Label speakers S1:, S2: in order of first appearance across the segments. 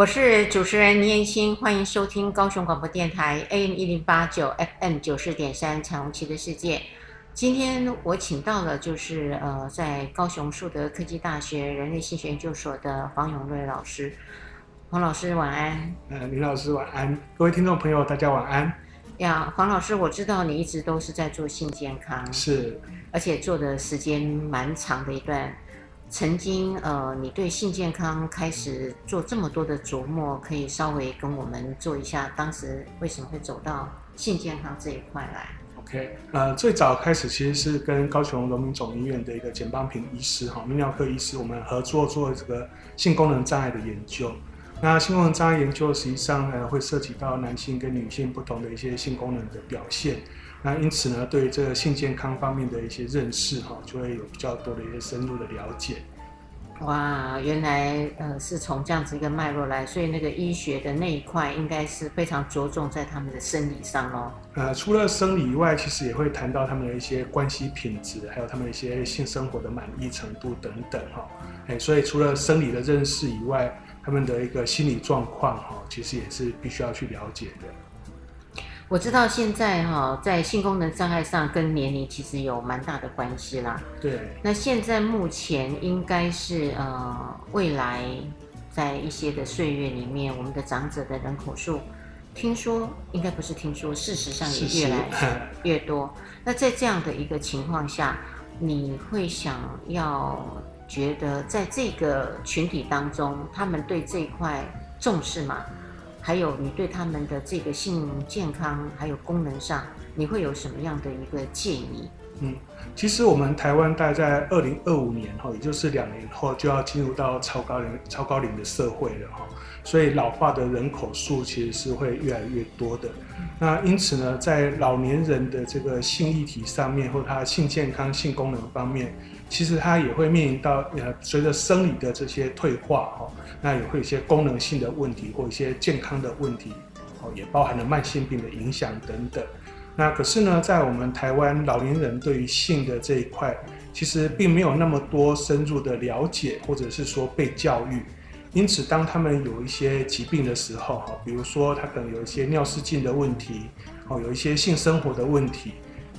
S1: 我是主持人倪彥青，歡迎收聽高雄廣播電臺 AM 一零八九 FM 九四點三《彩虹旗的世界》。今天我請到的，就是呃，在高雄樹德科技大學人類性學研究所的黃詠瑞老師。黃老師晚安，呃，李老師晚安，各位聽眾朋友，大家晚安。呀，黃老師，我知道你一直都是在做性健康，是，而且做的時間蠻長的一段。曾經，呃，你對性健康開始做這麼多的琢磨，可以稍微跟我們做一下，當時為什麼會走到性健康這一塊來
S2: ？OK，呃，最早開始其實是跟高雄榮民總醫院的一個簡邦平醫師哈，泌尿科醫師，我們合作做這個性功能障礙的研究。那性功能障礙研究實際上呃會涉及到男性跟女性不同的一些性功能的表現。那因此呢，對於這個性健康方面的一些認識、哦，哈，就會有比較多的一些深入的了解。
S1: 哇，原來呃是從這樣子一個脈絡來，所以那個醫學的那一塊應該是非常着重在他們的生理上嘍。
S2: 呃，除了生理以外，其實也會談到他們的一些關係品質，還有他們的一些性生活的滿意程度等等、哦，哈。哎，所以除了生理的認識以外，他們的一個心理狀況、哦，哈，其實也是必須要去了解的。
S1: 我知道現在哈、哦，在性功能障礙上跟年齡其實有蠻大的關係啦。對，那現在目前應該是呃，未來在一些的歲月裡面，我們的長者的人口數，聽說，應該不是聽說，事實上也越來越多。謝謝。那在這樣的一個情況下，你會想要覺得在這個群體當中，他們對這一塊重視嗎？還有你對他們的這個性健康還有功能上，你會有什麼樣的一個建議？嗯，
S2: 其實我們台灣大概在二零二五年齁，也就是兩年後就要進入到超高齡超高齡的社會了齁，所以老化的人口數其實是會越來越多的。嗯、那因此呢，在老年人的這個性議題上面，或者他性健康性功能方面，其實他也會面臨到隨着生理的這些退化齁那也會有一些功能性的問題或一些健康的問題，哦，也包含了慢性病的影響等等。那可是呢，在我們台灣老年人對於性的這一塊，其實並沒有那麼多深入的了解，或者是說被教育。因此，當他們有一些疾病的時候，哈，比如說他可能有一些尿失禁的問題，哦，有一些性生活的問題，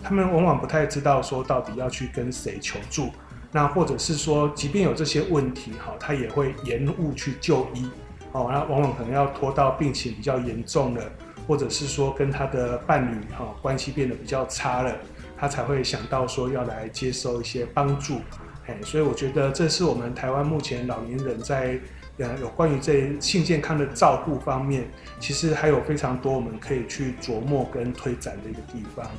S2: 他們往往不太知道說到底要去跟誰求助。那或者是說，即便有這些問題，哈，他也會延誤去就醫，哦，然後往往可能要拖到病情比較嚴重了，或者是說跟他的伴侶，哈，關係變得比較差了，他才會想到說要來接受一些幫助，哎，所以我覺得這是我們台灣目前老年人在，呃，有關於這性健康的照顧方面，其實還有非常多我們可以去琢磨跟推展的一個地方。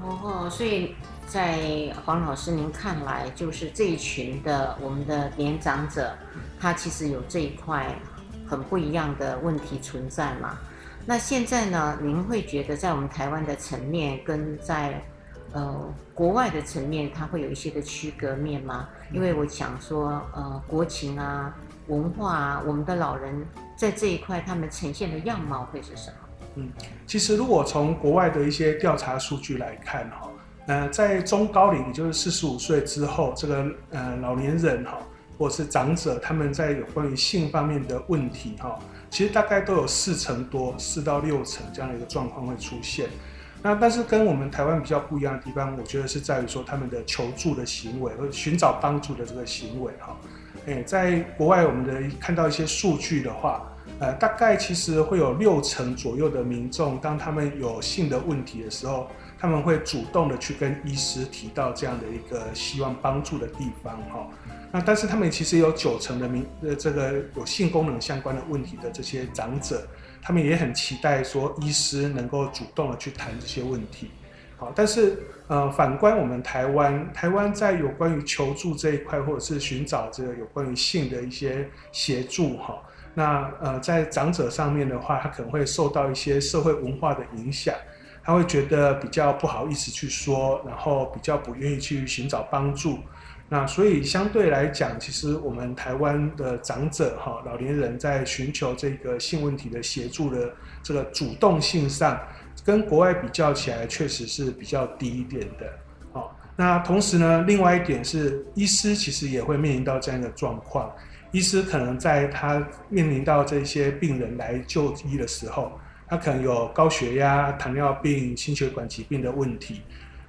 S1: 哦，所以。在黃老師，您看來就是這一群的我們的年長者，他其實有這一塊很不一樣的問題存在嘛？那現在呢，您會覺得在我們台灣的層面跟在呃國外的層面，它會有一些的區隔面嗎？因為我想說，呃，國情啊，文化啊，我們的老人在這一塊他們呈現的樣貌會是什麼？嗯，
S2: 其實如果從國外的一些調查數據來看呃，在中高齡，也就是四十五歲之後，這個呃老年人哈，或者是長者，他們在有關於性方面的問題哈，其實大概都有四成多，四到六成這樣的一個狀況會出現。那但是跟我們台灣比較不一樣的地方，我覺得是在於說他們的求助的行為或者尋找幫助的這個行為哈，誒，呃，在國外我們的看到一些數據的話。呃，大概其實會有六成左右的民眾，當他們有性的問題的時候，他們會主動的去跟醫師提到這樣的一個希望幫助的地方哈、哦。那但是他們其實有九成的民呃，這個有性功能相關的問題的這些長者，他們也很期待說醫師能夠主動的去談這些問題。好、哦，但是呃，反觀我們台灣，台灣在有關於求助這一塊，或者是尋找這個有關於性的一些協助哈。哦那呃，在長者上面的話，他可能會受到一些社會文化的影響，他會覺得比較不好意思去說，然後比較不願意去尋找幫助。那所以相對來講，其實我們台灣的長者哈、老年人在尋求這個性問題的協助的這個主動性上，跟國外比較起來，確實是比較低一點的。好，那同時呢，另外一點是醫師其實也會面臨到這樣一個狀況。醫師可能在他面臨到這些病人來就醫的時候，他可能有高血壓、糖尿病、心血管疾病的問題。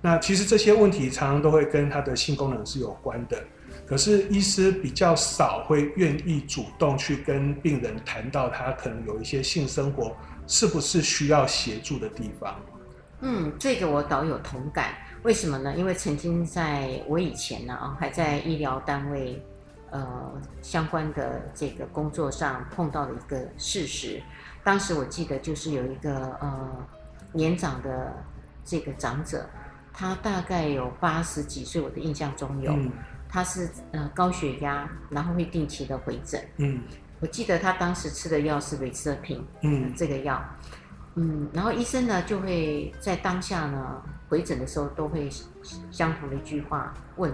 S2: 那其實這些問題常常都會跟他的性功能是有關的。可是醫師比較少會願意主動去跟病人談到他可能有一些性生活是不是需要協助的地
S1: 方。嗯，這個我倒有同感。為什麼呢？因為曾經在我以前呢啊，還在醫療單位。呃，相關的這個工作上碰到的一個事實，當時我記得就是有一個呃年長的這個長者，他大概有八十幾歲，我的印象中有，嗯、他是呃高血壓，然後會定期的回診。嗯，我記得他當時吃的藥是瑞瑟平，嗯，這個藥，嗯，然後醫生呢就會在當下呢回診的時候都會相同的一句話問。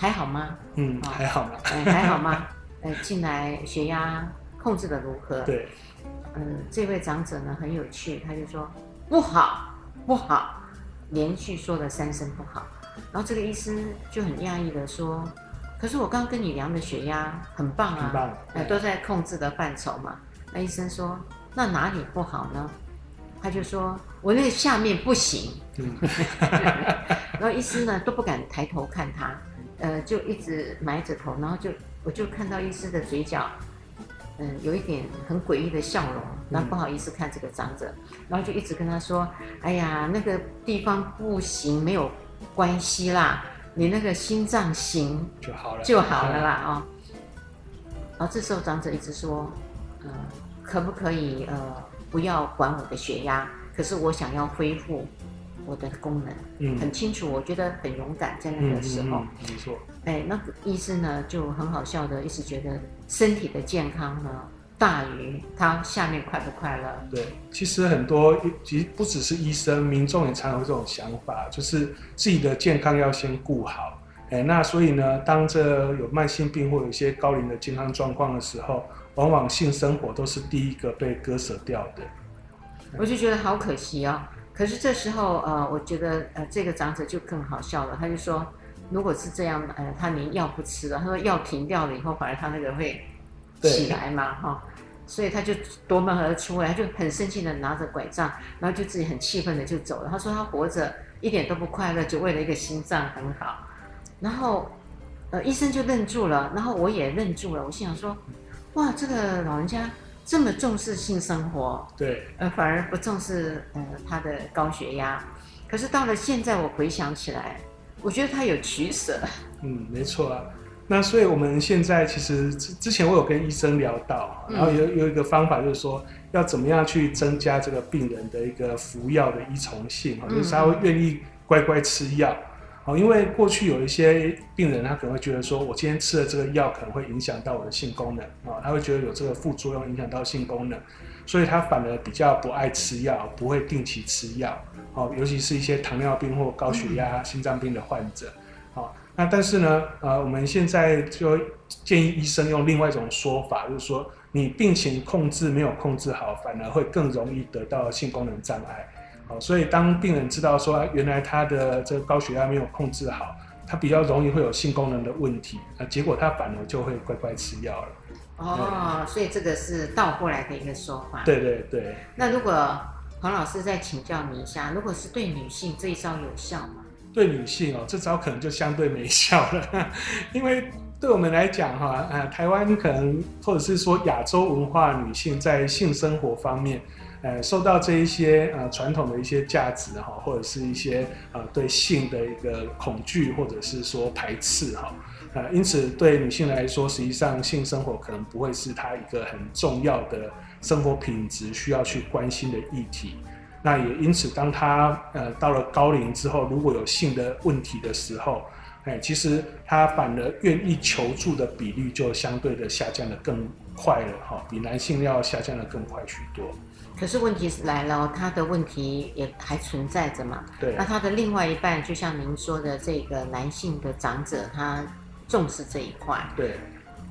S1: 還好嗎？嗯，哦、還好嗎？ 還好嗎？呃，近來血壓控制的如何？對，嗯，這位長者呢很有趣，他就說不好不好，連續說了三聲不好，然後這個醫生就很訝異的說，可是我剛剛跟你量的血壓很棒啊，很棒，都在控制的範疇嘛。那醫生說，那哪裡不好呢？他就說，我那個下面不行。嗯、 然後醫生呢都不敢抬頭看他。呃，就一直埋着頭，然後就我就看到醫師的嘴角，嗯、呃，有一點很詭異的笑容。那不好意思看這個長者，嗯、然後就一直跟他說：“哎呀，那個地方不行，沒有關係啦，你那個心臟行就好了就好了啦啊。”對哦、然後這時候長者一直說：“嗯、呃，可不可以呃，不要管我的血壓？可是我想要恢復。”我的功能，嗯，很清楚。嗯、我覺得很勇敢，在那個時候，嗯嗯嗯、沒錯。哎、欸，那個、醫生呢，就很好笑的，一直覺得身體的健康呢大於他下面快不快樂。
S2: 對，其實很多，其實不只是醫生，民眾也常有這種想法，就是自己的健康要先顧好。哎、欸，那所以呢，當這有慢性病或有一些高齡的健康狀況的時候，往往性生活都是第一個被割舍掉的。
S1: 我就覺得好可惜啊、哦。可是這時候，呃，我覺得，呃，這個長者就更好笑了。他就說，如果是這樣，呃，他連藥不吃了。他說，藥停掉了以後，反而他那個會起來嘛，哈對、哦。所以他就奪門而出了，他就很生氣的拿着拐杖，然後就自己很氣憤的就走了。他說，他活着一點都不快樂，就為了一個心臟很好。然後，呃，醫生就愣住了，然後我也愣住了。我心想說，哇，這個老人家。這麼重視性生活，對，呃，反而不重視，呃，他的高血壓。可是到了現在，我回想起來，我覺得他有取捨。
S2: 嗯，沒錯啊。那所以，我們現在其實之前我有跟醫生聊到，嗯、然後有有一個方法，就是說要怎麼樣去增加這個病人的一個服藥的依從性，哈、嗯，就是他會願意乖乖吃藥。因為過去有一些病人，他可能會覺得說，我今天吃了這個藥可能會影響到我的性功能啊，他會覺得有這個副作用影響到性功能，所以他反而比較不愛吃藥，不會定期吃藥。哦，尤其是一些糖尿病或高血壓、心臟病的患者。啊、嗯，那但是呢，呃，我們現在就建議醫生用另外一種說法，就是說，你病情控制沒有控制好，反而會更容易得到性功能障礙。所以，當病人知道說，原來他的這個高血壓沒有控制好，他比較容易會有性功能的問題，啊、結果他反而就會乖乖吃藥了。哦，嗯、
S1: 所以這個是倒過來的一個說法。對
S2: 對對。
S1: 那如果黃老師再請教您一下，如果是對女性這一招有效嗎？
S2: 對女性哦，這招可能就相對沒效了， 因為對我們來講哈，呃、啊，台灣可能或者是說亞洲文化女性在性生活方面。呃，受到這一些呃傳統的一些價值哈，或者是一些呃對性的一個恐懼，或者是說排斥哈，啊，因此對女性來說，實際上性生活可能不會是她一個很重要的生活品質需要去關心的議題。那也因此，當她呃到了高齡之後，如果有性的問題的時候，哎，其實她反而願意求助的比例就相對的下降得更快了哈，比男性要下降得更快許多。
S1: 可是問題是來了，哦，他的問題也還存在着嘛？對。那他的另外一半，就像您說的，這個男性的長者，他重視這一塊。對。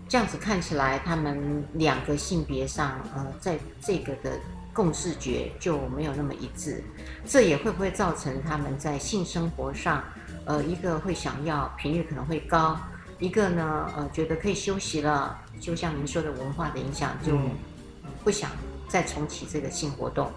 S1: 這樣子看起來，他們兩個性別上，呃，在這個的共視覺就沒有那麼一致。這也會不會造成他們在性生活上，呃，一個會想要頻率可能會高，一個呢，呃，覺得可以休息了，就像您說的文化的影響，就不想。嗯再重啟這個性活動、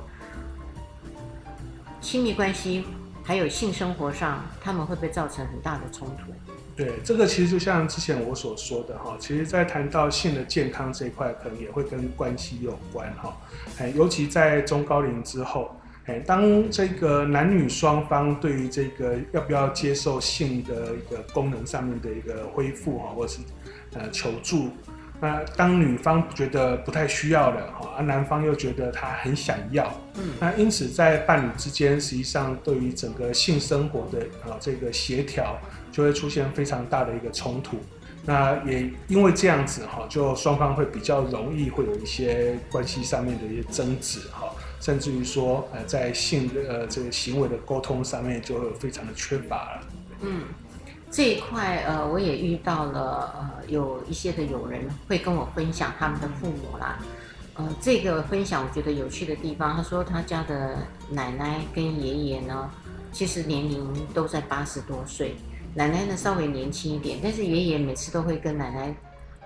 S1: 親密關係還有性生活上，他們會不會造成很大的衝突？
S2: 對，這個其實就像之前我所說的哈，其實，在談到性的健康這一塊，可能也會跟關係有關哈。誒，尤其在中高齡之後，誒，當這個男女雙方對於這個要不要接受性的一個功能上面的一個恢復哈，或是呃求助。那當女方覺得不太需要了哈，而男方又覺得他很想要，嗯，那因此在伴侶之間，實際上對於整個性生活的啊這個協調，就會出現非常大的一個衝突。那也因為這樣子哈，就雙方會比較容易會有一些關係上面的一些爭執哈，甚至於說呃在性的呃這個行為的溝通上面就會有非常的缺乏了。嗯。
S1: 這一塊，呃，我也遇到了，呃，有一些的友人會跟我分享他們的父母啦，呃，這個分享我覺得有趣的地方，他說他家的奶奶跟爺爺呢，其實年齡都在八十多歲，奶奶呢稍微年輕一點，但是爺爺每次都會跟奶奶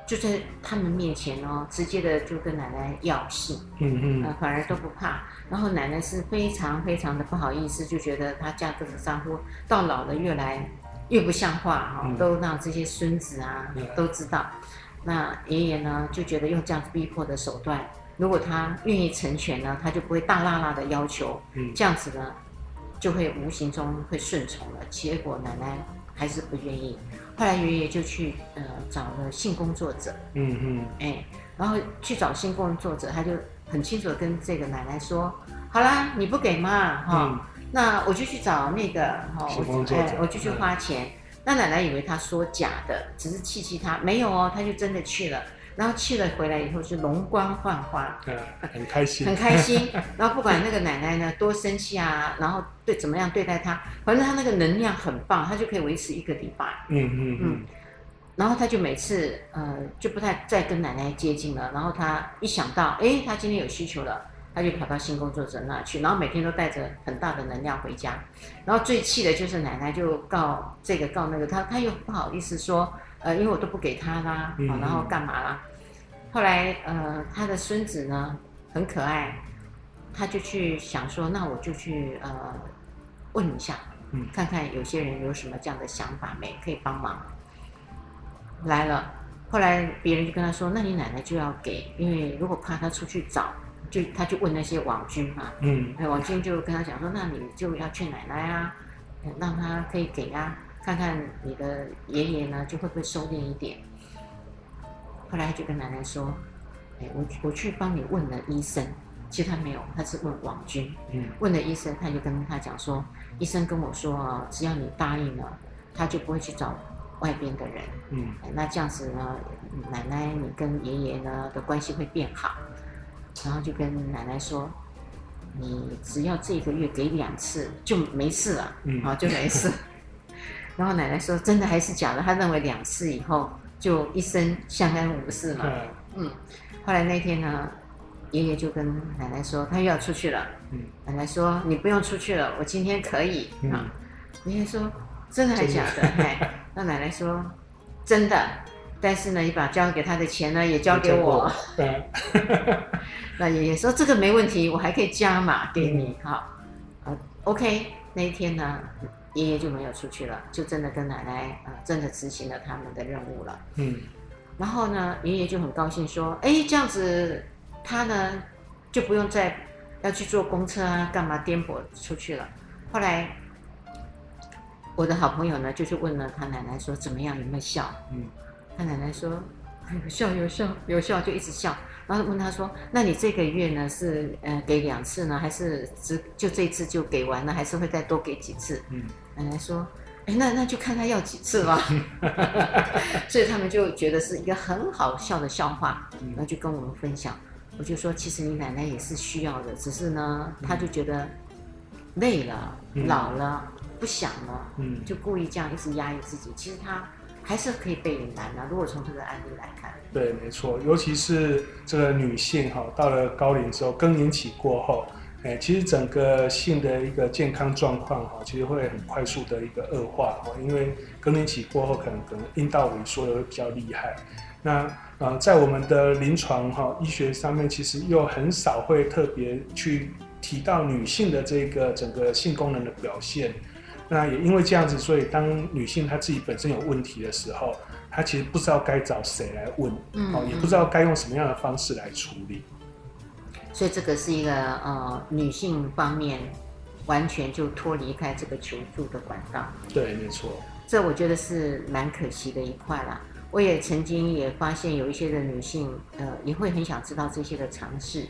S1: 就在他們面前呢，哦，直接的就跟奶奶要性。嗯嗯，啊，反而都不怕，然後奶奶是非常非常的不好意思，就覺得他家這個丈夫到老了越來。越不像話哈，都讓這些孫子啊、嗯、都知道。那爺爺呢就覺得用這樣子逼迫的手段，如果他願意成全呢，他就不會大剌剌的要求。嗯、這樣子呢，就會無形中會順從了。結果奶奶還是不願意。後來爺爺就去呃找了性工作者，嗯
S2: 嗯，
S1: 哎、嗯欸，然後去找性工作者，他就很清楚地跟這個奶奶說：好啦，你不給嘛哈。哦嗯那我就去找那個，哈、哎，我就去花錢。嗯、那奶奶以為他說假的，只是氣氣他，沒有哦，他就真的去了。然後去了回來以後是容光煥發，嗯，
S2: 很開心，很開心。
S1: 然後不管那個奶奶呢多生氣啊，然後對怎麼樣對待他，反正他那個能量很棒，他就可以維持一個禮拜。嗯嗯嗯。嗯然後他就每次呃就不太再跟奶奶接近了。然後他一想到，哎、欸，他今天有需求了。他就跑到性工作者那去，然後每天都帶着很大的能量回家，然後最氣的就是奶奶就告這個告那個，他他又不好意思說，呃，因為我都不給他啦，哦，然後幹嘛啦？嗯，嗯，後來，呃，他的孫子呢很可愛，他就去想說，那我就去呃問一下，看看有些人有什麼這樣的想法沒，可以幫忙。來了，後來別人就跟他說，那你奶奶就要給，因為如果怕他出去找。就他就問那些王軍嘛，啊，嗯，王軍就跟他講說，那你就要勸奶奶啊，嗯，讓他可以給啊，看看你的爺爺呢就會不會收斂一點。後來他就跟奶奶說，哎，我我去幫你問了醫生，其實他沒有，他是問王軍，嗯，問了醫生，他就跟他講說，醫生跟我說啊，只要你答應了，他就不會去找外邊的人，嗯，哎，那這樣子呢，奶奶你跟爺爺呢的關係會變好。然後就跟奶奶說：“你只要這個月給兩次就沒事了，嗯、啊，就沒事。嗯” 然後奶奶說：“真的還是假的？”她認為兩次以後就一生相安無事了。啊、嗯。後來那天呢，爺爺就跟奶奶說：“他又要出去了。嗯”奶奶說：“你不用出去了，我今天可以、嗯、啊。”爺爺說：“真的還是假的？”哎，那奶奶說：“真的。”但是呢，你把交給他的錢呢，也交給我。對， 那爺爺說這個沒問題，我還可以加碼，給你、嗯、好。呃、OK，那一天呢，嗯、爺爺就沒有出去了，就真的跟奶奶啊、呃，真的執行了他們的任務了。嗯，然後呢，爺爺就很高興說：“哎，這樣子他呢，就不用再要去坐公車啊，幹嘛顛簸出去了。”後來我的好朋友呢，就去問了他奶奶說：“怎麼樣？有沒有效？”嗯。他奶奶說：“哎、笑有笑有笑有笑，就一直笑。”然後問他說：“那你這個月呢，是呃給兩次呢，還是只就這次就給完了，還是會再多給幾次？”嗯，奶奶說：“哎，那那就看他要幾次吧。” 所以他們就覺得是一個很好笑的笑話，嗯、然後就跟我們分享。我就說：“其實你奶奶也是需要的，只是呢，嗯、她就覺得累了、老了、嗯、不想了，嗯，就故意這樣一直壓抑自己。其實她……還是可以被隱瞞的。如果從這個
S2: 案例來看，對，沒錯，尤其是這個女性哈，到了高齡之後，更年期過後，欸，其實整個性的一個健康狀況哈，其實會很快速的一個惡化哈，因為更年期過後，可能可能陰道萎縮的會比較厲害。那在我們的臨床哈，醫學上面，其實又很少會特別去提到女性的這個整個性功能的表現。那也因為這樣子，所以當女性，她自己本身有問題的時候，她其實不知道該找誰來問，哦、嗯嗯，也不知道該用什麼樣的方式來處理。
S1: 所以這個是一個呃女性方面完全就脫離開這個求助的管道。
S2: 對，沒錯。
S1: 這我覺得是蠻可惜的一塊啦。我也曾經也發現有一些的女性，呃，也會很想知道這些的常識。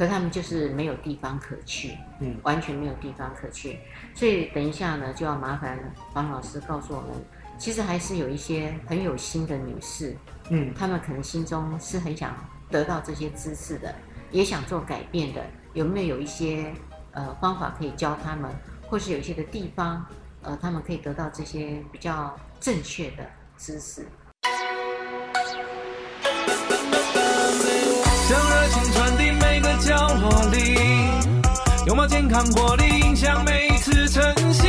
S1: 可他們就是沒有地方可去，嗯，完全沒有地方可去，所以等一下呢就要麻煩黃老師告訴我們，其實還是有一些很有心的女士，嗯，嗯，她們可能心中是很想得到這些知識的，也想做改變的，有沒有，有一些呃方法可以教她們，或是有一些的地方，呃，她們可以得到這些比較正確的知識。嗯嗯嗯嗯
S2: 嗯。角落裡，擁抱健康活力，影響每次晨曦。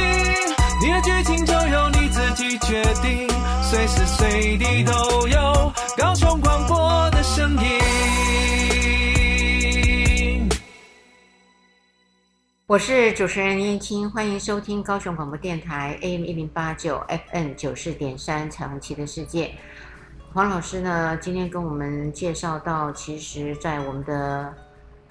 S2: 你的劇情就由你自己決定，隨
S1: 時隨地都有高雄廣播的聲音。我是主持人燕青，歡迎收聽高雄廣播電台 AM 一零八九 FM 九四點三彩虹旗的世界。黃老師呢，今天跟我們介紹到，其實，在我們的。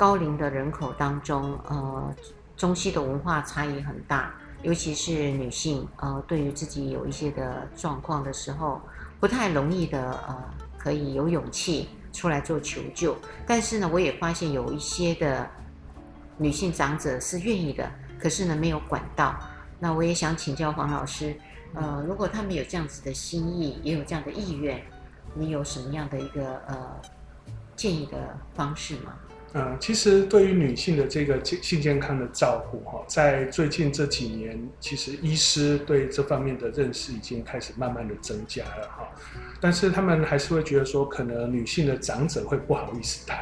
S1: 高齡的人口當中，呃，中西的文化差異很大，尤其是女性，呃，對於自己有一些的狀況的時候，不太容易的，呃，可以有勇氣出來做求救。但是呢，我也發現有一些的女性長者是願意的，可是呢，沒有管道。那我也想請教黃老師，呃，如果他們有這樣子的心意，也有這樣的意願，你有什麼樣的一個，呃，建議的方式嗎？
S2: 嗯，其實對於女性的這個性健康的照顧哈，在最近這幾年，其實醫師對這方面的認識已經開始慢慢的增加了哈。但是他們還是會覺得說，可能女性的長者會不好意思談，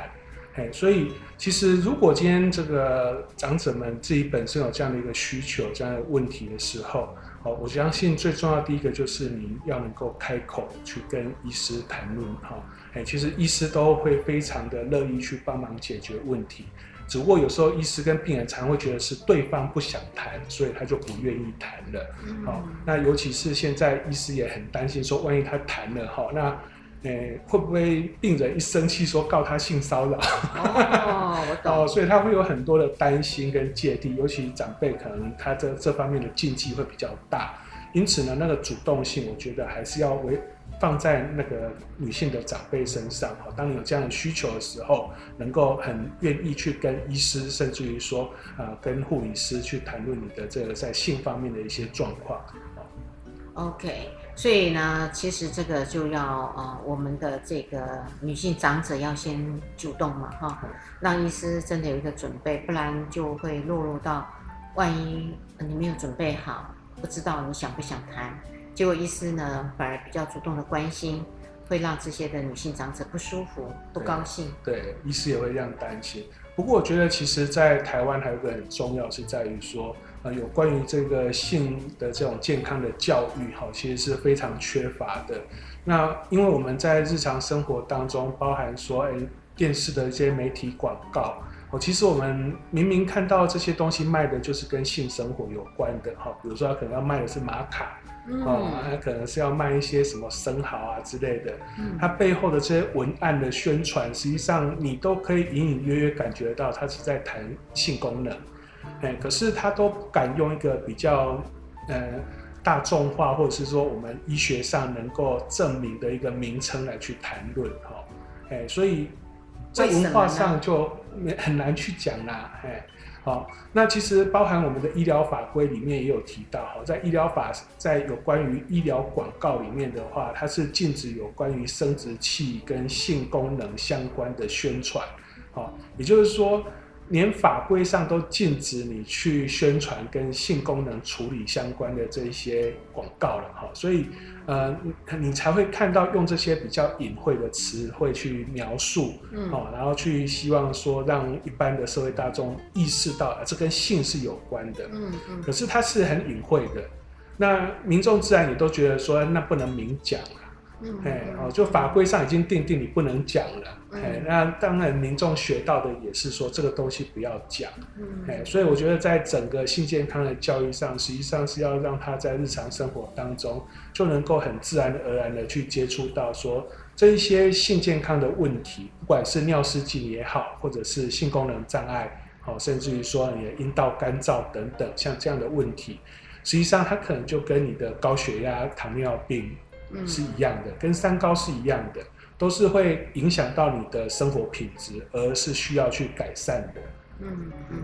S2: 哎，所以其實如果今天這個長者們自己本身有這樣的一個需求、這樣的問題的時候，好，我相信最重要的第一個就是你要能夠開口去跟醫師談論哈。其實醫師都會非常的樂意去幫忙解決問題，只不過有時候醫師跟病人常會覺得是對方不想談，所以他就不願意談了。好、嗯哦，那尤其是現在醫師也很擔心，說萬一他談了哈、哦，那誒會不會病人一生氣說告他性騷擾？哦，我懂。哦，所以他會有很多的擔心跟芥蒂，尤其長輩可能他這這方面的禁忌會比較大，因此呢，那個主動性我覺得還是要為。放在那個女性的長輩身上，哈，當你有這樣的需求的時候，能夠很願意去跟醫師，甚至於說，呃，跟護理師去談論你的這個在性方面的一些狀況
S1: ，OK，所以呢，其實這個就要、呃，我們的這個女性長者要先主動嘛，哈、哦，讓醫師真的有一個準備，不然就會落入到，萬一你沒有準備好，不知道你想不想談。結果醫師呢，反而比較主動的關心，會讓這些的女性長者不舒服、不高興。對，
S2: 對，醫師也會這樣擔心。不過我覺得，其實，在台灣還有一個很重要，是在於說，呃，有關於這個性的這種健康的教育，哈，其實是非常缺乏的。那因為我們在日常生活當中，包含說，誒、欸，電視的一些媒體廣告，哦，其實我們明明看到這些東西賣的就是跟性生活有關的，哈，比如說他可能要賣的是瑪卡。哦，他、嗯嗯啊、可能是要賣一些什麼生蠔啊之類的，他、嗯、背後的這些文案的宣傳，實際上你都可以隱隱約約感覺到他是在談性功能，哎、嗯欸，可是他都不敢用一個比較，呃，大眾化或者是說我們醫學上能夠證明的一個名稱來去談論，哎、喔欸，所以在文化上就很難去講啦，哎。欸好、哦，那其實包含我們的醫療法規裡面也有提到，好，在醫療法，在有關於醫療廣告裡面的話，它是禁止有關於生殖器跟性功能相關的宣傳，好、哦，也就是說。連法規上都禁止你去宣傳跟性功能處理相關的這些廣告了哈，所以呃，你才會看到用這些比較隱晦的詞彙去描述，哦，然後去希望說讓一般的社會大眾意識到，啊，這跟性是有關的，嗯嗯，可是它是很隱晦的，那民眾自然也都覺得說，那不能明講。哎，好，就法規上已經定定你不能講了。哎，那當然民眾學到的也是說這個東西不要講。嗯嗯、哎，所以我覺得在整個性健康的教育上，實際上是要讓他在日常生活當中就能夠很自然而然的去接觸到說這一些性健康的問題，不管是尿失禁也好，或者是性功能障礙，好、哦，甚至於說你的陰道乾燥等等，像這樣的問題，實際上它可能就跟你的高血壓、糖尿病，是一樣的，跟三高是一樣的，都是會影響到你的生活品質，而是需要去改善的。嗯嗯，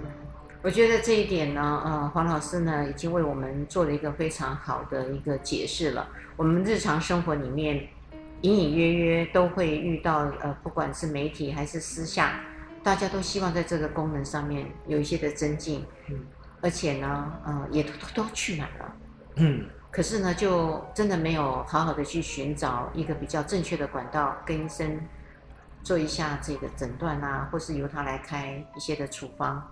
S1: 我覺得這一點呢，呃，黃老師呢已經為我們做了一個非常好的一個解釋了。我們日常生活裡面隱隱約約都會遇到，呃，不管是媒體還是私下，大家都希望在這個功能上面有一些的增進。嗯，而且呢，呃，也都都，都去買了。嗯。可是呢，就真的沒有好好的去尋找一個比較正確的管道，跟醫生做一下這個診斷吶、啊，或是由他來開一些的處方，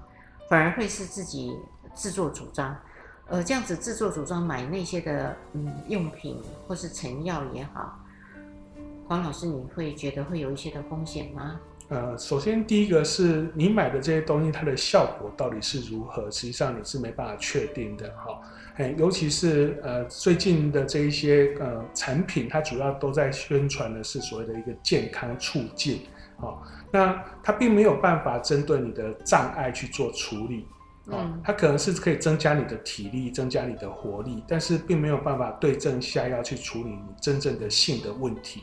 S1: 反而會是自己自作主張。呃，這樣子自作主張買那些的嗯用品或是成藥也好，黃老師，你會覺得會有一些的風險嗎？
S2: 呃，首先第一個是你買的這些東西，它的效果到底是如何？實際上你是沒辦法確定的，哈、哦。哎，尤其是呃最近的這一些呃產品，它主要都在宣傳的是所謂的一個健康促進，好、哦，那它並沒有辦法針對你的障礙去做處理，啊、哦，嗯、它可能是可以增加你的體力，增加你的活力，但是並沒有辦法對症下藥去處理你真正的性的問題。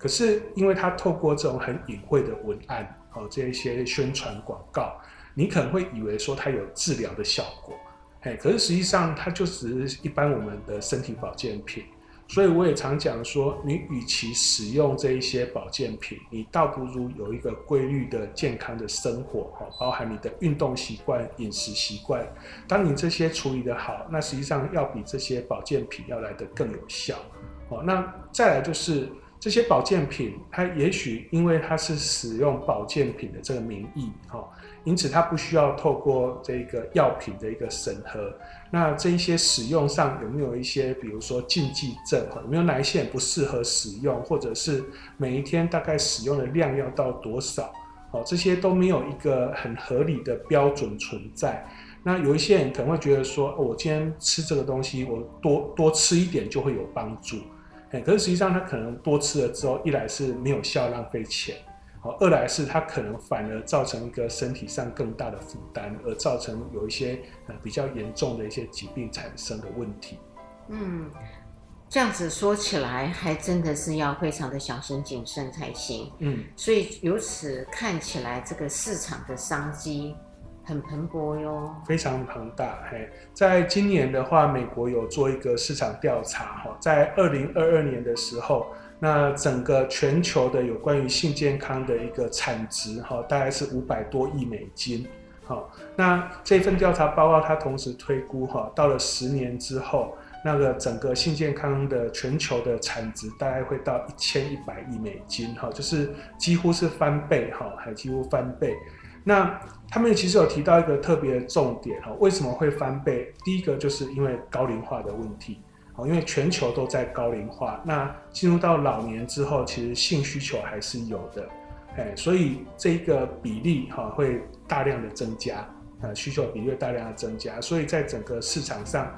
S2: 可是，因為它透過這種很隱晦的文案，哦，這一些宣傳廣告，你可能會以為說它有治療的效果，嘿，可是實際上它就是一般我們的身體保健品。所以我也常講說，你與其使用這一些保健品，你倒不如有一個規律的健康的生活，好、哦，包含你的運動習慣、飲食習慣。當你這些處理得好，那實際上要比這些保健品要來得更有效。哦，那再來就是。這些保健品，它也許因為它是使用保健品的這個名義，哈，因此它不需要透過這個藥品的一個審核。那這一些使用上有沒有一些，比如說禁忌症，哈，有沒有哪一些不適合使用，或者是每一天大概使用的量要到多少，哦，這些都沒有一個很合理的標準存在。那有一些人可能會覺得說，哦，我今天吃這個東西，我多多吃一點就會有幫助。可是實際上他可能多吃了之後，一來是沒有效，浪費錢，好，二來是他可能反而造成一個身體上更大的負擔，而造成有一些呃比較嚴重的一些疾病產生的問題。嗯，
S1: 這樣子說起來，還真的是要非常的小心謹慎才行。嗯，所以由此看起來，這個市場的商機。很蓬勃喲，
S2: 非常龐大。嘿，在今年的話，美國有做一個市場調查，哈，在二零二二年的時候，那整個全球的有關於性健康的一個產值，哈，大概是五百多億美金，哈。那這份調查報告，它同時推估，哈，到了十年之後，那個整個性健康的全球的產值，大概會到一千一百億美金，哈，就是幾乎是翻倍，哈，還幾乎翻倍，那。他們其實有提到一個特別的重點哈，為什麼會翻倍？第一個就是因為高齡化的問題，因為全球都在高齡化，那進入到老年之後，其實性需求還是有的，所以這個比例哈會大量的增加，需求比例會大量的增加，所以在整個市場上，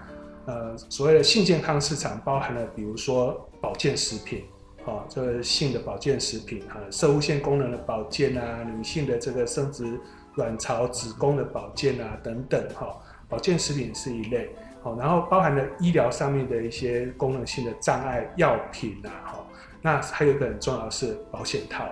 S2: 呃，所謂的性健康市場包含了比如說保健食品，啊，這個性的保健食品啊，攝護腺功能的保健啊，女性的這個生殖。卵巢、子宮的保健啊，等等，哈、哦，保健食品是一類，好、哦，然後包含了醫療上面的一些功能性的障礙藥品啊，哈、哦，那還有一個很重要的是保險套，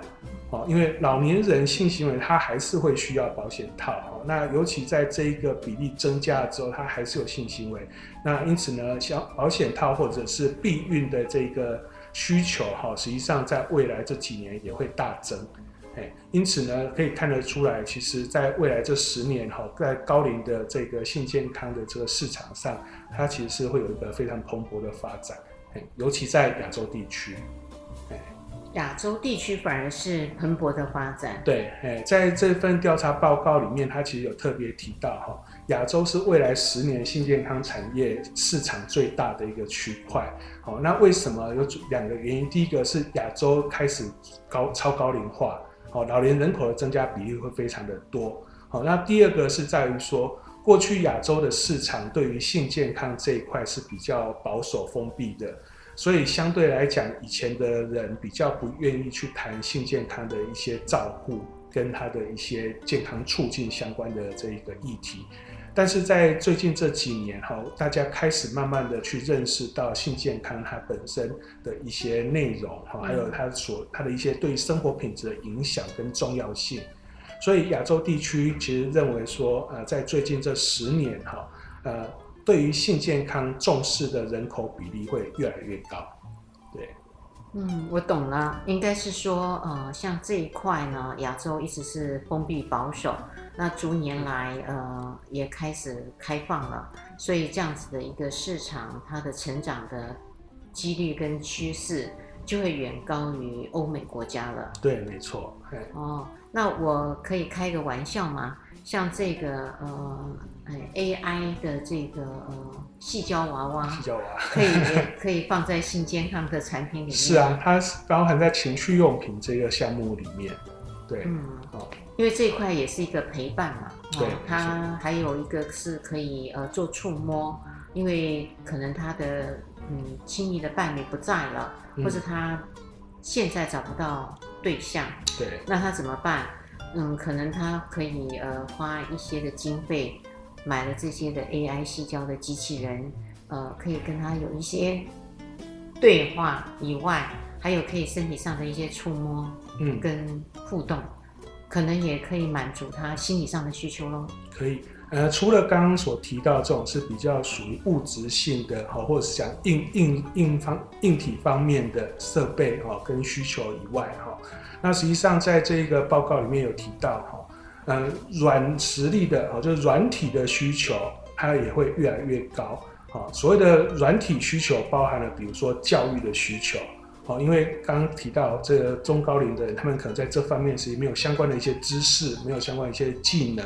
S2: 哦，因為老年人性行為他還是會需要保險套，哦，那尤其在這一個比例增加了之後，他還是有性行為，那因此呢，像保險套或者是避孕的這個需求，哈、哦，實際上在未來這幾年也會大增。因此呢，可以看得出來，其實在未來這十年哈，在高齡的這個性健康的這個市場上，它其實是會有一個非常蓬勃的發展，尤其在亞洲地區。
S1: 亞洲地區反而是蓬勃的發展。
S2: 對，在這份調查報告裡面，它其實有特別提到哈，亞洲是未來十年性健康產業市場最大的一個區塊。好，那為什麼有兩個原因？第一個是亞洲開始高超高齡化。好，老年人口的增加比例會非常的多。好，那第二個是在於說，過去亞洲的市場對於性健康這一塊是比較保守封閉的，所以相對來講，以前的人比較不願意去談性健康的一些照顧，跟他的一些健康促進相關的這一個議題。但是在最近這幾年哈，大家開始慢慢的去認識到性健康它本身的一些內容哈，還有它所它的一些對生活品質的影響跟重要性。所以亞洲地區其實認為說，呃，在最近這十年哈，呃，對於性健康重視的人口比例會越來越高。對，嗯，
S1: 我懂了，應該是說，呃，像這一塊呢，亞洲一直是封閉保守。那逐年來，呃，也開始開放了，所以這樣子的一個市場，它的成長的幾率跟趨勢就會遠高於歐美國家了。對，沒錯。哦，那我可以開個玩笑嗎？像這個，呃，AI 的這個，呃，矽膠娃娃，娃可以 可以放在性健康的產品裡面。是啊，
S2: 它是包含在情趣用品這個項目裡面。對，嗯，好、哦。
S1: 因為這一塊也是一個陪伴嘛，哦、啊，他還有一個是可以呃做觸摸，因為可能他的嗯親密的伴侶不在了，嗯、或者他現在找不到對象，對，那他怎麼辦？嗯，可能他可以呃花一些的經費買了這些的 AI 矽膠的機器人，呃，可以跟他有一些對話以外，還有可以身體上的一些觸摸，嗯，跟互動。嗯可能也可以滿足他心理上的需求咯。
S2: 可以，呃，除了剛剛所提到這種是比較屬於物質性的，哦，或者是講硬硬硬方硬體方面的設備哈，哦，跟需求以外哈，哦，那實際上在這個報告裡面有提到哈，哦，呃，軟實力的哈，哦，就是軟體的需求，它也會越來越高哈，哦。所謂的軟體需求包含了，比如說，教育的需求。哦，因為剛剛提到這個中高齡的人，他們可能在這方面是沒有相關的一些知識，沒有相關一些技能，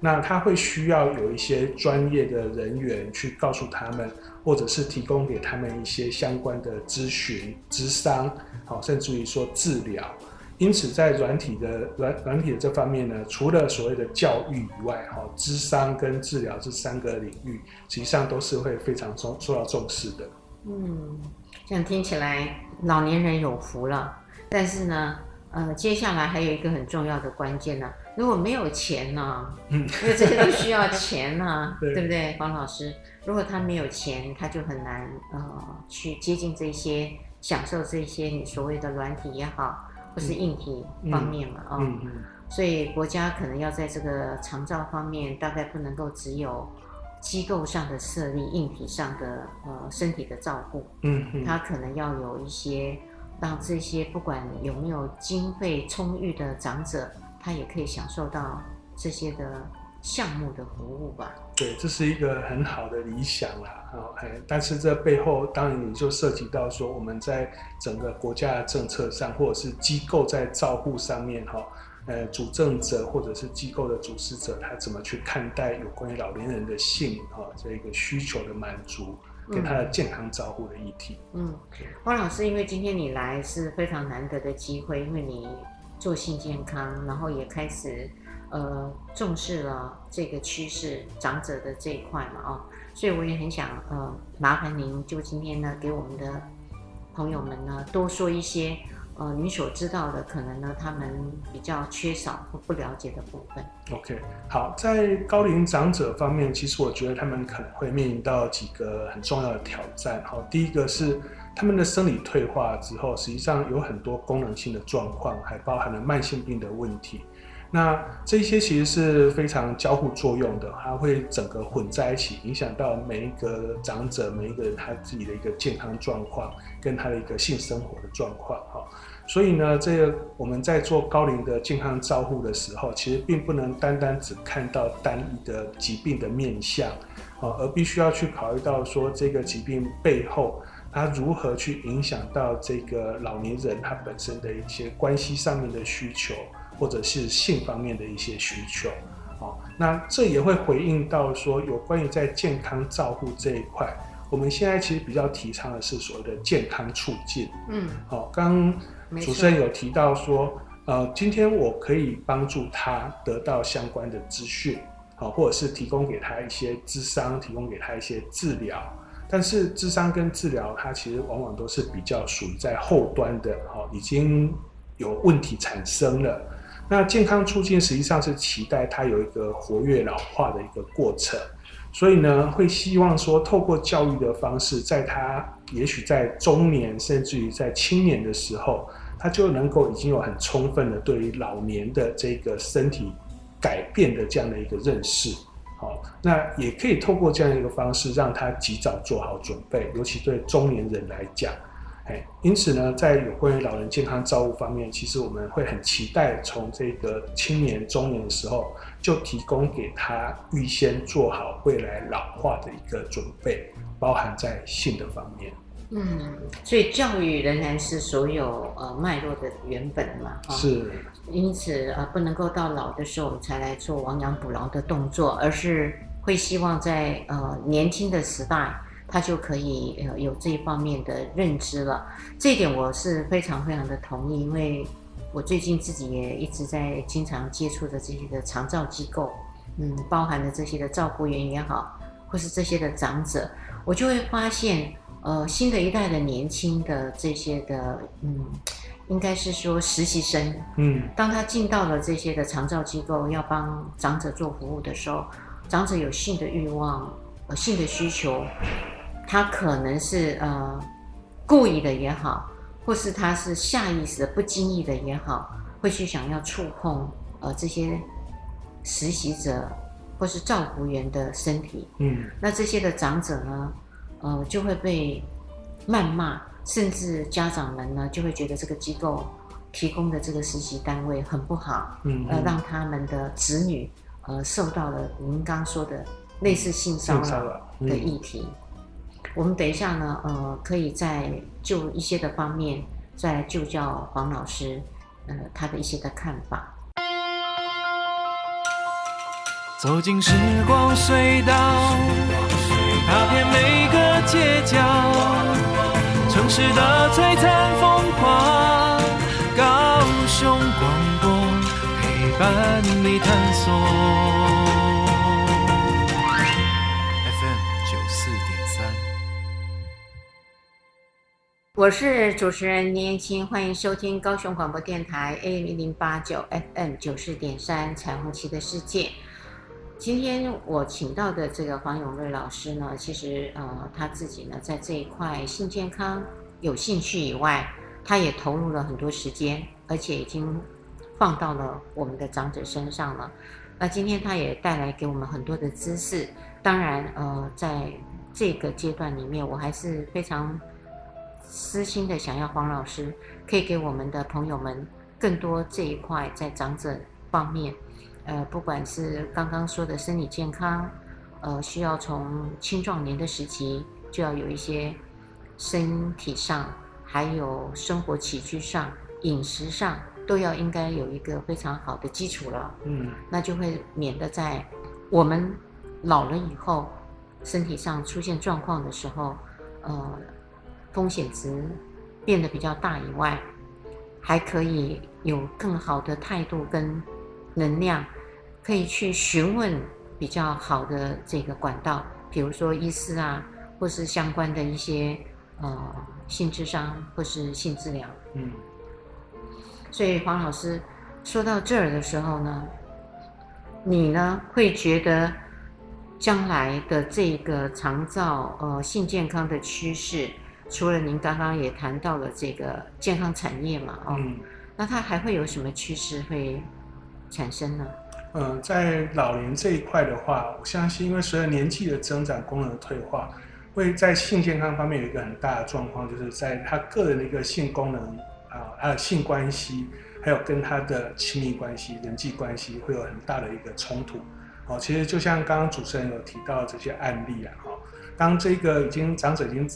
S2: 那他會需要有一些專業的人員去告訴他們，或者是提供給他們一些相關的諮詢、諮商，好，甚至於說治療。因此，在軟體的軟軟體的這方面呢，除了所謂的教育以外，哈，諮商跟治療這三個領域，實際上都是會非常重受、受到重視的。嗯，
S1: 這樣聽起來，老年人有福了，但是呢，呃，接下來還有一個很重要的關鍵呢、啊，如果沒有錢呢、啊，因為這些都需要錢呢、啊， 對不對，黃對老師？如果他沒有錢，他就很難呃去接近這些、享受這些你所謂的軟體也好，或是硬體方面嘛啊，所以國家可能要在這個長照方面，大概不能夠只有。機構上的設立、硬體上的呃身體的照顧，嗯，嗯他可能要有一些讓這些不管有沒有經費充裕的長者，他也可以享受到這些的項目的服務吧。
S2: 對，這是一個很好的理想啊，啊、哦哎，但是這背後當然你就涉及到說我們在整個國家政策上，或者是機構在照顧上面哈。哦呃，主政者或者是機構的主持者，他怎麼去看待有關於老年人的性啊、哦、這個需求的滿足，給他的健康照顧的議題？嗯，
S1: 黃對、嗯、老師，因為今天你來是非常難得的機會，因為你做性健康，然後也開始呃重視了這個趨勢，長者的這一塊嘛，哦，所以我也很想呃麻煩您，就今天呢，給我們的朋友們呢多說一些。呃，你所知道的，可能呢，他們比較缺少或不了解的部分。
S2: OK，好，在高齡長者方面，其實我覺得他們可能會面臨到幾個很重要的挑戰。好，第一個是他們的生理退化之後，實際上有很多功能性的狀況，還包含了慢性病的問題。那這些其實是非常交互作用的，它會整個混在一起，影響到每一個長者每一個人他自己的一個健康狀況，跟他的一個性生活的狀況。哈，所以呢，這個我們在做高齡的健康照護的時候，其實並不能單單只看到單一的疾病的面向，而必須要去考慮到說這個疾病背後，它如何去影響到這個老年人他本身的一些關係上面的需求。或者是性方面的一些需求，好，那這也會回應到說，有關於在健康照護這一塊，我們現在其實比較提倡的是所謂的健康促進。嗯，好，剛主持人有提到說，沒事，呃，今天我可以幫助他得到相關的資訊，好，或者是提供給他一些諮商，提供給他一些治療。但是諮商跟治療，它其實往往都是比較屬於在後端的，好，已經有問題產生了。那健康促進實際上是期待他有一個活躍老化的一個過程，所以呢，會希望說透過教育的方式，在他也許在中年甚至於在青年的時候，他就能夠已經有很充分的對於老年的這個身體改變的這樣的一個認識，好，那也可以透過這樣一個方式讓他及早做好準備，尤其對中年人來講。因此呢，在有關於老人健康照顧方面，其實我們會很期待從這個青年、中年的時候就提供給他預先做好未來老化的一個準備，包含在性的方面。
S1: 嗯，所以教育仍然是所有呃脈絡的原本嘛。是。因此啊，不能夠到老的時候我們才來做亡羊補牢的動作，而是會希望在呃年輕的時代。他就可以呃有這一方面的認知了，這一點我是非常非常的同意，因為我最近自己也一直在經常接觸的這些的長照機構，嗯，包含了這些的照顧員也好，或是這些的長者，我就會發現，呃，新的一代的年輕的這些的，嗯，應該是說實習生，嗯，當他進到了這些的長照機構要幫長者做服務的時候，長者有性的欲望，呃，性的需求。他可能是呃故意的也好，或是他是下意識的、不經意的也好，會去想要觸碰呃這些實習者或是照顧員的身體。嗯，那這些的長者呢，呃，就會被謾罵，甚至家長們呢就會覺得這個機構提供的這個實習單位很不好，嗯，嗯，呃，讓他們的子女呃受到了您剛說的類似性騷擾的議題。嗯我們等一下呢，呃，可以再就一些的方面，再就教黃老師呃，他的一些的看法。
S2: 走進時光隧道，踏遍每個街角，城市的璀璨風
S1: 華，高雄廣播陪伴你探索。我是主持人倪彥青，歡迎收聽高雄廣播電臺 AM 一零八九 FM 九四點三彩虹旗的世界。今天我請到的這個黃詠瑞老師呢，其實呃他自己呢在這一塊性健康有興趣以外，他也投入了很多時間，而且已經放到了我們的長者身上了。那今天他也帶來給我們很多的知識，當然呃在這個階段裡面，我還是非常。私心的想要黃老師可以給我們的朋友們更多這一塊在長者方面，呃，不管是剛剛說的身體健康，呃，需要從青壯年的時期就要有一些身體上還有生活起居上飲食上都要應該有一個非常好的基礎了。嗯，那就會免得在我們老了以後身體上出現狀況的時候，呃。風險值變得比較大以外，還可以有更好的態度跟能量，可以去詢問比較好的這個管道，比如說醫師啊，或是相關的一些呃性諮商或是性治療。嗯。所以黃老師說到這兒的時候呢，你呢會覺得將來的這個長照呃性健康的趨勢？除了您剛剛也談到了這個健康產業嘛，哦，嗯，那它還會有什麼趨勢會產生呢？嗯，
S2: 在老年這一塊的話，我相信，因為隨着年紀的增長、功能的退化，會在性健康方面有一個很大的狀況，就是在他個人的一個性功能啊，還、哦、有性關係，還有跟他的親密關係、人際關係，會有很大的一個衝突。好，哦，其實就像剛剛主持人有提到這些案例啊，哈，哦，當這個已經長者已經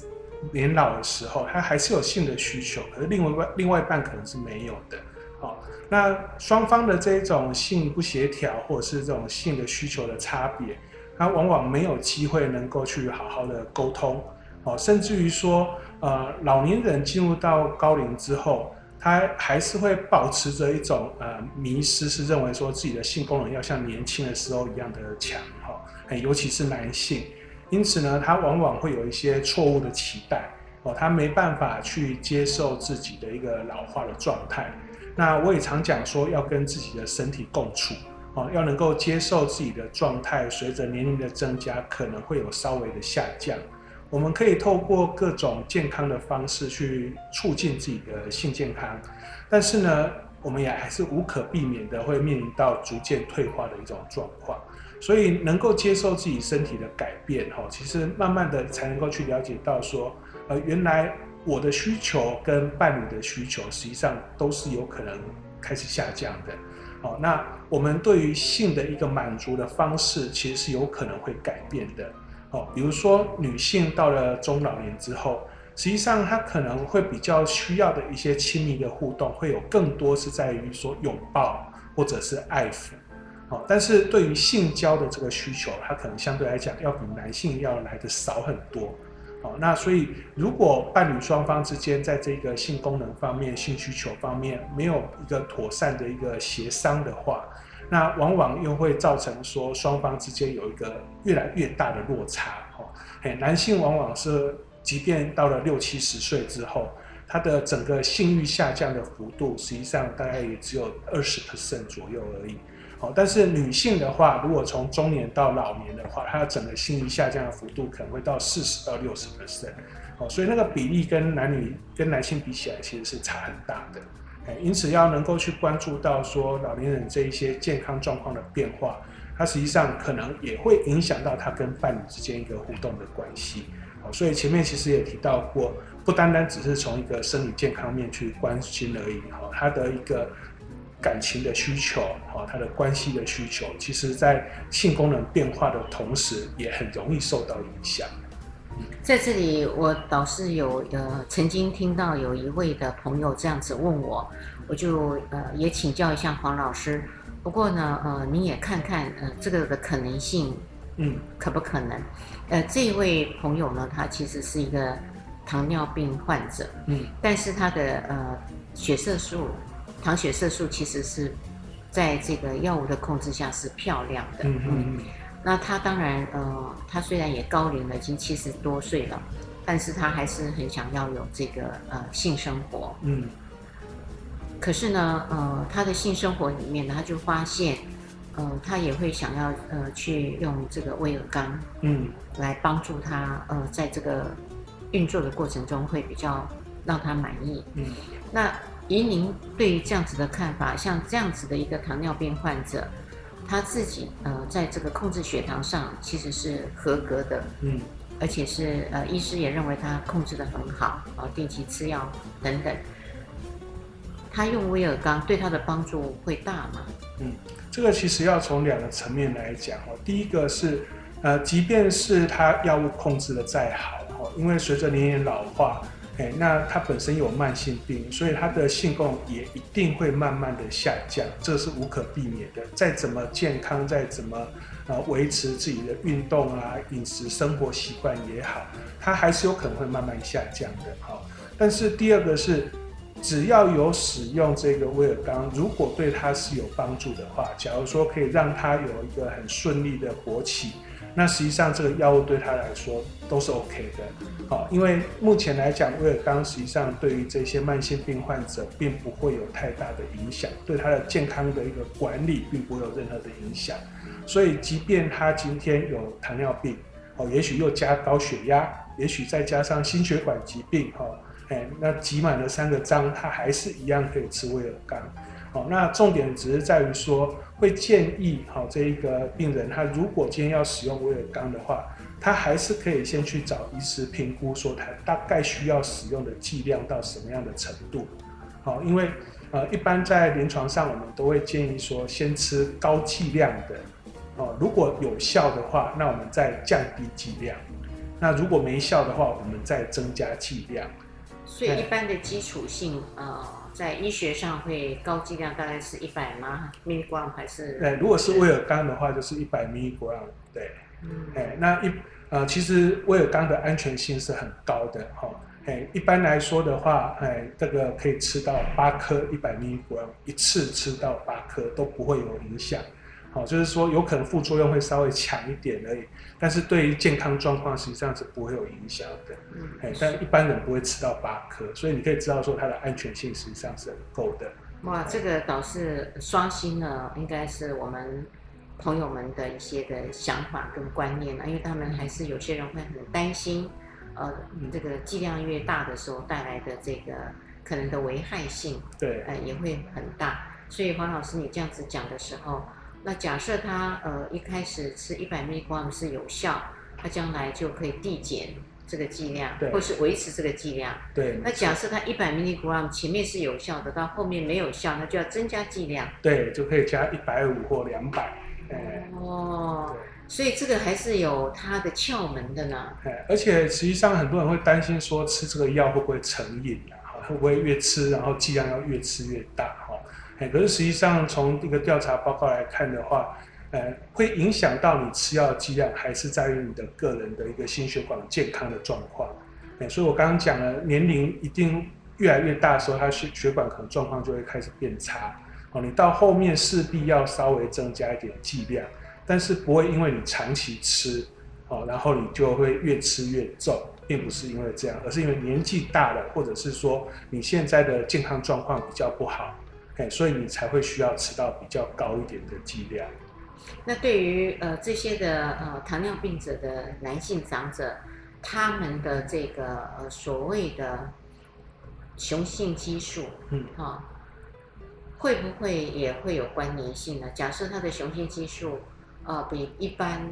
S2: 年老的時候，他還是有性的需求，可是另外一半，另外一半可能是沒有的。好，那雙方的這種性不協調，或者是這種性的需求的差別，他往往沒有機會能夠去好好的溝通。好，甚至於說，呃，老年人進入到高齡之後，他還是會保持着一種呃迷失，是認為說自己的性功能要像年輕的時候一樣的強哈，尤其是男性。因此呢，他往往會有一些錯誤的期待哦，他沒辦法去接受自己的一個老化的狀態。那我也常講說，要跟自己的身體共處哦，要能夠接受自己的狀態，隨着年齡的增加，可能會有稍微的下降。我們可以透過各種健康的方式去促進自己的性健康，但是呢，我們也還是無可避免的會面臨到逐漸退化的一種狀況。所以能夠接受自己身體的改變，哈，其實慢慢的才能夠去了解到說，呃，原來我的需求跟伴侶的需求，實際上都是有可能開始下降的，哦，那我們對於性的一個滿足的方式，其實是有可能會改變的，哦，比如說女性到了中老年之後，實際上她可能會比較需要的一些親密的互動，會有更多是在於說擁抱或者是愛撫。但是對於性交的這個需求，它可能相對來講要比男性要來的少很多。好，那所以如果伴侶雙方之間在這個性功能方面，性需求方面沒有一個妥善的一個協商的話，那往往又會造成說雙方之間有一個越來越大的落差。哈，哎，男性往往是即便到了六七十歲之後，他的整個性慾下降的幅度，實際上大概也只有二十%左右而已。但是女性的話，如果從中年到老年的話，她整個性慾下降的幅度可能會到四十到六十 percent，所以那個比例跟男女跟男性比起來，其實是差很大的。哎，因此要能夠去關注到說老年人這一些健康狀況的變化，它實際上可能也會影響到他跟伴侶之間一個互動的關係。所以前面其實也提到過，不單單只是從一個生理健康面去關心而已。哈，他的一個。感情的需求，和他的關係的需求，其實，在性功能變化的同時，也很容易受到影響。
S1: 在這裡，我倒是有，呃，曾經聽到有一位的朋友這樣子問我，我就，呃，也請教一下黃老師。不過呢，呃，你也看看，呃，這個的可能性，嗯，可不可能？呃，這一位朋友呢，他其實是一個糖尿病患者，嗯，但是他的，呃，血色素。糖血色素其實是，在這個藥物的控制下是漂亮的。嗯嗯,嗯。那他當然呃，他雖然也高齡了，已經七十多歲了，但是他還是很想要有這個呃性生活。嗯。可是呢，呃，他的性生活裡面，他就發現，呃，他也會想要呃去用這個威而鋼，嗯，來幫助他、嗯、呃，在這個運作的過程中會比較讓他滿意。嗯。那。以您對於這樣子的看法，像這樣子的一個糖尿病患者，他自己呃在這個控制血糖上其實是合格的，嗯，而且是呃醫師也認為他控制得很好，啊、哦，定期吃藥等等，他用威而鋼對他的幫助會大嗎？嗯，
S2: 這個其實要從兩個層面來講哦，第一個是呃即便是他藥物控制得再好，因為隨着年齡老化。哎、欸，那他本身有慢性病，所以他的性功能也一定會慢慢的下降，這是無可避免的。再怎麼健康，再怎麼啊、呃、維持自己的運動啊、飲食生活習慣也好，他還是有可能會慢慢下降的好，哦，但是第二個是，只要有使用這個威爾剛，如果對他是有幫助的話，假如說可以讓他有一個很順利的勃起。那實際上，這個藥物對他來說都是 OK 的，好，因為目前來講，威而鋼實際上對於這些慢性病患者，並不會有太大的影響，對他的健康的一個管理，並不會有任何的影響。所以，即便他今天有糖尿病，哦，也許又加高血壓，也許再加上心血管疾病，那擠滿了三個章，他還是一樣可以吃威而鋼。好，那重點只是在於說，會建議好，這一個病人，他如果今天要使用威而鋼的話，他還是可以先去找醫師評估，說他大概需要使用的劑量到什麼樣的程度。好，因為呃，一般在臨床上，我們都會建議說，先吃高劑量的，哦，如果有效的話，那我們再降低劑量；那如果沒效的話，我們再增加劑量。
S1: 所以，一般的基礎性呃。那嗯在醫學上會高
S2: 劑量大概是一百嗎 milligram 還是？呃，如果是威而鋼的話，就是一百 milligram 對，哎、嗯，那一呃，其實威而鋼的安全性是很高的哈。哎、喔，欸，一般來說的話，哎、欸，這個可以吃到八顆一百 milligram 一次吃到八顆都不會有影響。好、喔，就是說有可能副作用會稍微強一點而已。但是對於健康狀況，實際上是不會有影響的。嗯，是，但是一般人不會吃到八顆，所以你可以知道說它的安全性實際上是很夠的。
S1: 哇，這個倒是刷新了，應該是我們朋友們的一些的想法跟觀念了，因為他們還是有些人會很擔心，呃，這個劑量越大的時候帶來的這個可能的危害性，對，呃，也會很大。所以黃老師，你這樣子講的時候。那假設他呃一開始吃一百 milligram 是有效，他將來就可以遞減這個劑量，對或是維持這個劑量。
S2: 對。那假設
S1: 他一百 milligram 前面是有效的，到後面沒有效，那就要增加劑量。
S2: 對，就可以加一百五或兩百。欸。
S1: 哦。對所以這個還是有它的竅門的呢。而
S2: 且實際上很多人會擔心說吃這個藥會不會成癮啊？會不會越吃然後劑量要越吃越大哈？可是實際上從一個調查報告來看的話，呃，會影響到你吃藥的劑量，還是在於你的個人的一個心血管健康的狀況。呃，所以我剛剛講了，年齡一定越來越大的時候，它血血管可能狀況就會開始變差。哦，你到後面勢必要稍微增加一點劑量，但是不會因為你長期吃，哦，然後你就會越吃越重，並不是因為這樣，而是因為年紀大了，或者是說你現在的健康狀況比較不好。所以你才會需要吃到比較高一點的劑量。
S1: 那對於呃這些的呃糖尿病者的男性長者，他們的這個、呃、所謂的雄性激素，哦、嗯，哈，會不會也會有關聯性呢？假設他的雄性激素，呃，比一般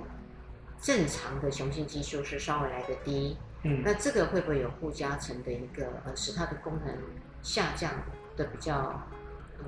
S1: 正常的雄性激素是稍微來得低，嗯，那這個會不會有附加成的一個呃使它的功能下降的比較？嗯、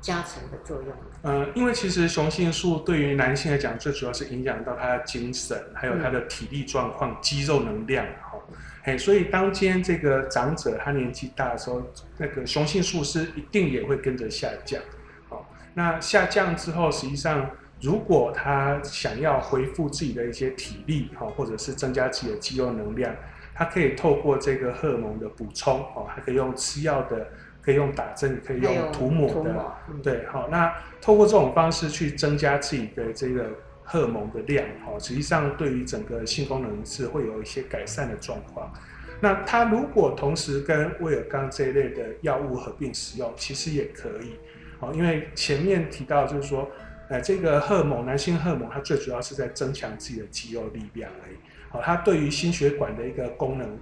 S1: 加成的作用。嗯、
S2: 呃，因為其實雄性素對於男性來講，最主要是影響到他的精神，還有他的體力狀況、嗯、肌肉能量哈。哎、哦，所以當今天這個長者他年紀大的時候，那個雄性素是一定也會跟着下降。哦，那下降之後，實際上如果他想要恢復自己的一些體力哈、哦，或者是增加自己的肌肉能量，他可以透過這個荷爾蒙的補充哦，還可以用吃藥的。可以用打針，也可以用塗抹的，抹，對，好，那通過這種方式去增加自己的這個荷爾蒙的量，哦，實際上對於整個性功能是會有一些改善的狀況。那它如果同時跟威而鋼這一類的藥物合併使用，其實也可以，哦，因為前面提到就是說，呃，這個荷爾蒙，男性荷爾蒙，它最主要是在增強自己的肌肉力量而已，哦，它對於心血管的一個功能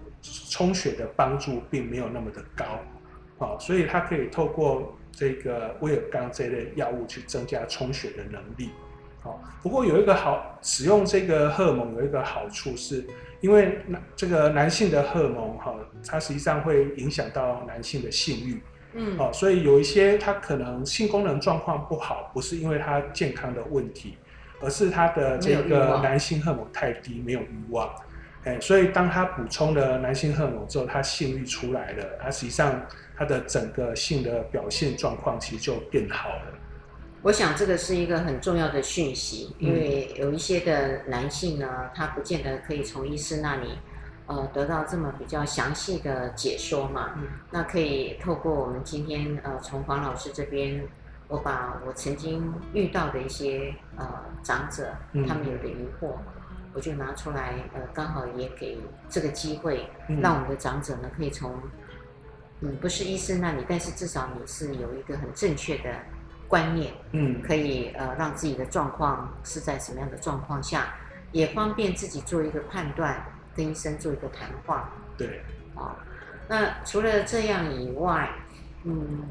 S2: 充血的幫助並沒有那麼的高。所以它可以透過這個威而鋼這類藥物去增加充血的能力。不過有一個好，使用這個荷爾蒙有一個好處是，因為這個男性的荷爾蒙哈，它實際上會影響到男性的性欲。嗯，所以有一些他可能性功能狀況不好，不是因為他健康的問題，而是他的這個男性荷爾蒙太低，沒有欲望。所以當他補充了男性荷爾蒙之後，他性欲出來了，他實際上。他的整個性的表現狀況其實就變好了。
S1: 我想這個是一個很重要的訊息，因為有一些的男性呢，他不見得可以從醫師那裡，呃，得到這麼比較詳細的解說嘛。嗯、那可以透過我們今天呃，從黃老師這邊，我把我曾經遇到的一些呃長者他們有的疑惑，嗯、我就拿出來，呃，剛好也給這個機會，讓我們的長者呢可以從。嗯，不是醫生那裡，但是至少你是有一個很正確的觀念，嗯，可以呃讓自己的狀況是在什麼樣的狀況下，也方便自己做一個判斷，跟醫生做一個談話，對，啊、哦，那除了這樣以外，嗯。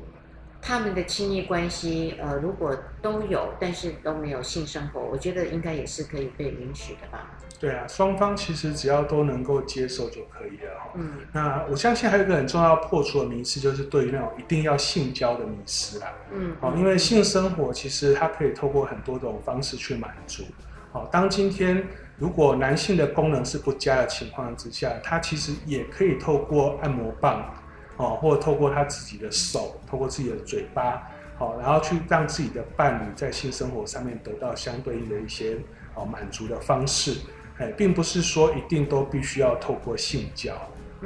S1: 他們的親密關係，呃，如果都有，但是都沒有性生活，我覺得應該也是可以被允許的吧？
S2: 對啊，雙方其實只要都能夠接受就可以了。嗯，那我相信還有一個很重要破除的迷思，就是對於那種一定要性交的迷思啦、啊。嗯，好，因為性生活其實它可以透過很多種方式去滿足。好，當今天如果男性的功能是不佳的情況之下，他其實也可以透過按摩棒。哦，或者透過他自己的手，透過自己的嘴巴，好，然後去讓自己的伴侶在性生活上面得到相對應的一些哦滿足的方式，哎，並不是說一定都必須要透過性交。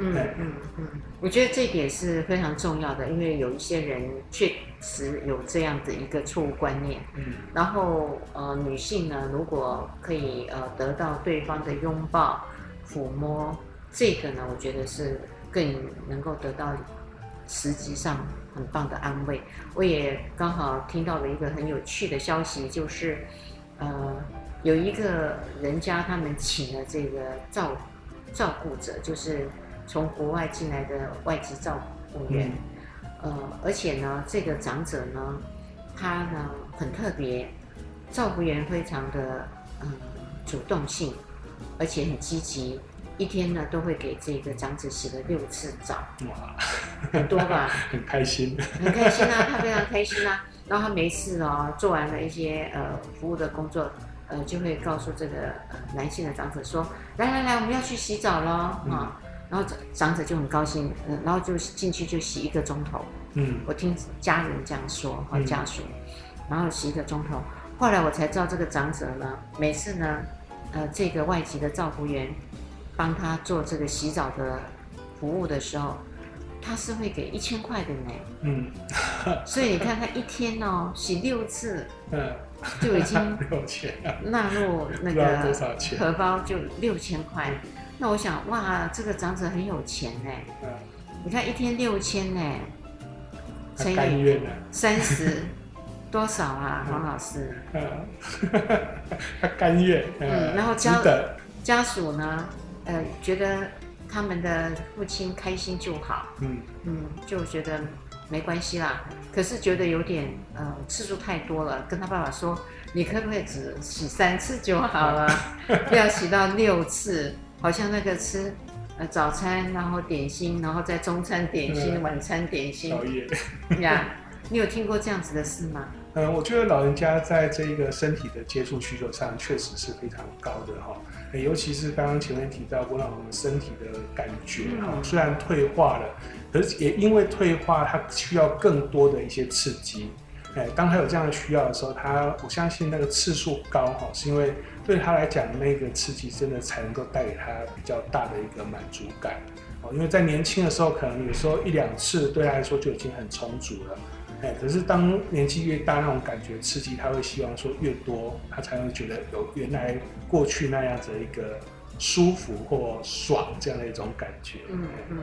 S2: 嗯嗯嗯，
S1: 嗯嗯，我覺得這一點是非常重要的，因為有一些人確實有這樣的一個錯誤觀念。嗯，然後呃，女性呢，如果可以呃得到對方的擁抱、撫摸，這個呢，我覺得是。更能夠得到實際上很棒的安慰。我也剛好聽到了一個很有趣的消息，就是，呃，有一個人家他們請了這個照照顧者，就是從國外進來的外籍照顧員。呃，而且呢，這個長者呢，他呢很特別，照顧員非常的嗯主動性，而且很積極。一天呢，都會給這個長者洗了六次澡，哇，
S2: 很多吧？ 很開心，
S1: 很開心啊！他非常開心啊！然後他沒事哦，做完了一些呃服務的工作，呃，就會告訴這個呃男性的長者說：“來來來，我們要去洗澡咯。嗯」啊！”然後長長者就很高興，嗯、呃，然後就進去就洗一個鐘頭。嗯，我聽家人這樣說，和家屬，嗯、然後洗一個鐘頭。後來我才知道，這個長者呢，每次呢，呃，這個外籍的照顧員。幫他做這個洗澡的服務的時候，他是會給一千塊的呢。嗯，所以你看他一天哦洗六次，嗯，就已經納入那個荷包，就六千塊。那我想哇，這個長者很有錢呢。你看一天六千呢，乘以三十多少啊，黃老師？嗯，他
S2: 甘願。嗯，然後家
S1: 家屬呢？呃，覺得他們的父親開心就好，嗯嗯，就覺得沒關係啦。可是覺得有點呃次數太多了，跟他爸爸說：“你可不可以只洗三次就好了，嗯、不要洗到六次？ 好像那個吃呃早餐，然後點心，然後在中餐點心，嗯、晚餐點心，宵夜，呀、嗯，你有聽過這樣子的事嗎？”嗯，
S2: 我覺得老人家在這個身體的接觸需求上確實是非常高的哈。尤其是剛剛前面提到過，讓我們身體的感覺雖然退化了，可是也因為退化，它需要更多的一些刺激。當他有這樣的需要的時候，他我相信那個次數高，是因為對他來講，那個刺激真的才能夠帶給他比較大的一個滿足感。因為在年輕的時候，可能有時候一兩次對他來說就已經很充足了。可是當年紀越大，那種感覺刺激，他會希望說越多，他才會覺得有原來過去那樣子一個舒服或爽這樣的一種感覺。嗯
S1: 嗯，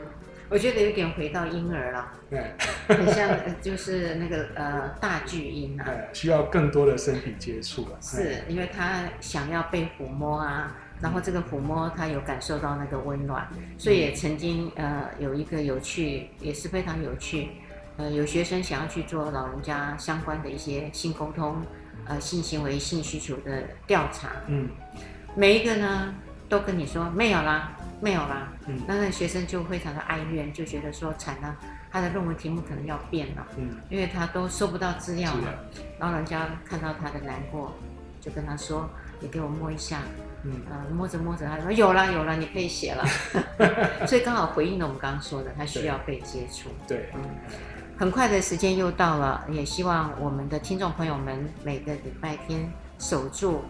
S1: 我覺得有點回到嬰兒了，對
S2: 很
S1: 像就是那個 呃大巨嬰啊，
S2: 需要更多的身體接觸是、嗯、
S1: 因為他想要被撫摸啊，然後這個撫摸他有感受到那個溫暖，所以也曾經、嗯、呃有一個有趣，也是非常有趣。呃，有學生想要去做老人家相關的一些性溝通、呃性行為、性需求的調查，嗯，每一個呢都跟你說沒有啦，沒有啦，嗯，那那學生就非常的哀怨，就覺得說慘了。他的論文題目可能要變了，嗯，因為他都收不到資料了。老人家看到他的難過，就跟他說：“你給我摸一下，嗯，呃、摸着摸着，他說有啦有啦，你可以寫了。” 所以剛好回應了我們剛剛說的，他需要被接觸，對，嗯。很快的時間又到了，也希望我們的聽眾朋友們每個禮拜天守住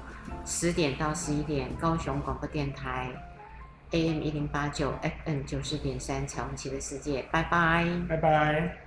S1: 十點到十一點，高雄廣播電台 AM 一零八九，FM 九四點三，彩虹旗的世界，拜拜，拜拜。